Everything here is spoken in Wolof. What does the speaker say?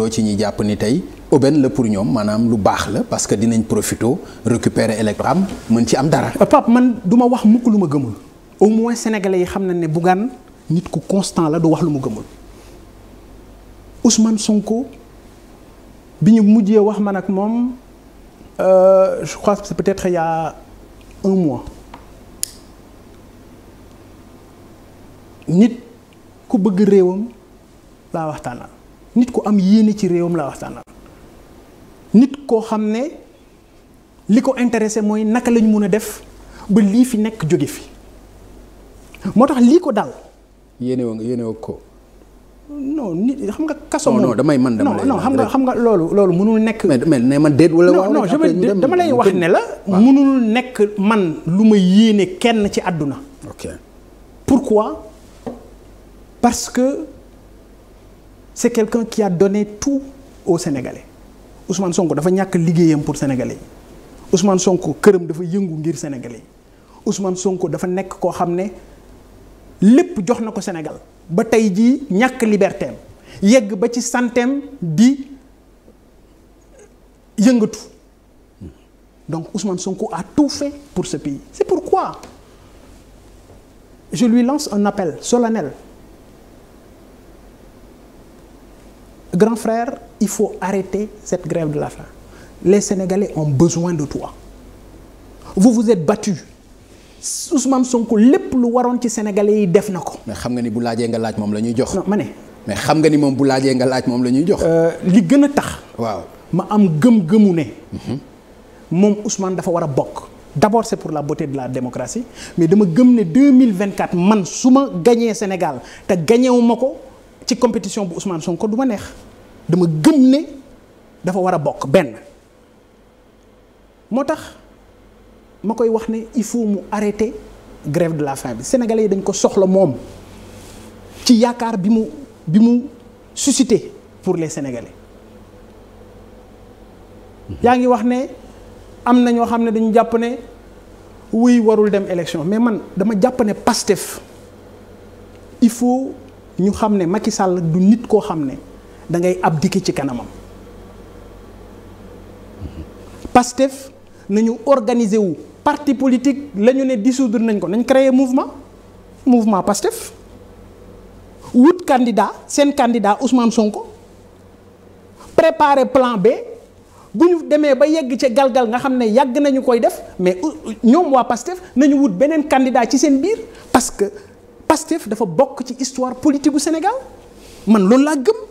loo ci ñuy jàpp ni tey aubaine la pour ñoom maanaam lu baax la parce que dinañ profito récupérer électorat am mën ci am dara. Euh, Pape man du ma wax mukk lu ma gëmul au moins sénégalais yi xam na ne Bougane nit ku constant la du wax lu mu gëmul Ousmane Sonko bi ñu mujjee wax man ak moom euh, je crois que c'est peut-être il y un mois nit ku bëgg réewam laa waxtaanal. nit ku am yéene ci réewam laa waxtaanal nit koo xam ne li ko intéressé mooy naka lañu mën a def ba lii fi nekk jóge fi moo tax lii ko dal. yéene woo yéene woo ko. non nit xam nga kaso moom damay man dama lay non xam nga xam nga loolu loolu mënul nekk. mais mais man déet wala waaw non je dama lay wax ne la. mënul nekk man lu ma yéene kenn ci àdduna. ok pourquoi parce que. c'est quelqu'un qui a donné tout aux Sénégalais Ousmane Sonko dafa ñàkk liggéeyam pour Sénégalais yi Ousmane Sonko këram dafa yëngu ngir Sénégalais yi Sonko dafa nekk koo xam ne lépp jox na ko Sénégal ba tey jii ñàkk libertéem yegg ba ci santeem di yëngatu donc Ousmane Sonko a tout fait pour ce pays c'est pourquoi je lui lance un appel solennel grand frère il faut arrêter cette grève de la faim les sénégalais ont besoin de toi vous vous êtes battus Ousmane Sonko lépp lu waroon ci sénégalais yi def na ko. mais xam nga ni bu laajee nga laaj moom la ñuy jox. ma ne. mais xam nga ni moom bu laajee nga laaj moom la ñuy jox. Euh, li gën a tax. waaw ma am gëm-gëmu ne. Mhm. moom Ousmane dafa war a bokk. d'abord c'est pour la beauté de la démocratie mais dama gëm ne 2024 man su ma gañee Sénégal te gañewuma ko ci compétition bu Ousmane Sonko du ma neex. dama gëm ne dafa war a bokk benn moo tax ma koy wax ne il faut mu arrêter grève de la faim bi sénégalais yi dañ ko soxla moom ci yaakaar bi mu bi mu suscité pour les sénégalais yaa ngi wax ne am na ñoo xam ne dañu jàpp ne wuy warul dem élection mais man dama jàpp ne Pastef il faut ñu xam ne Macky Sall du nit koo xam ne da ngay abdiquer ci kanamam Pastef nañu organiser wu parti politique la ñu ne dissoudre nañ ko nañ créer mouvement mouvement Pastef wut candidat seen candidat Ousmane Sonko préparer plan B bu ñu demee ba yegg ci galgal nga xam ne yàgg nañu koy def mais ñoom waa Pastef nañu wut beneen candidat ci seen biir parce que Pastef dafa bokk ci histoire politique gu Sénégal man loolu laa gëm.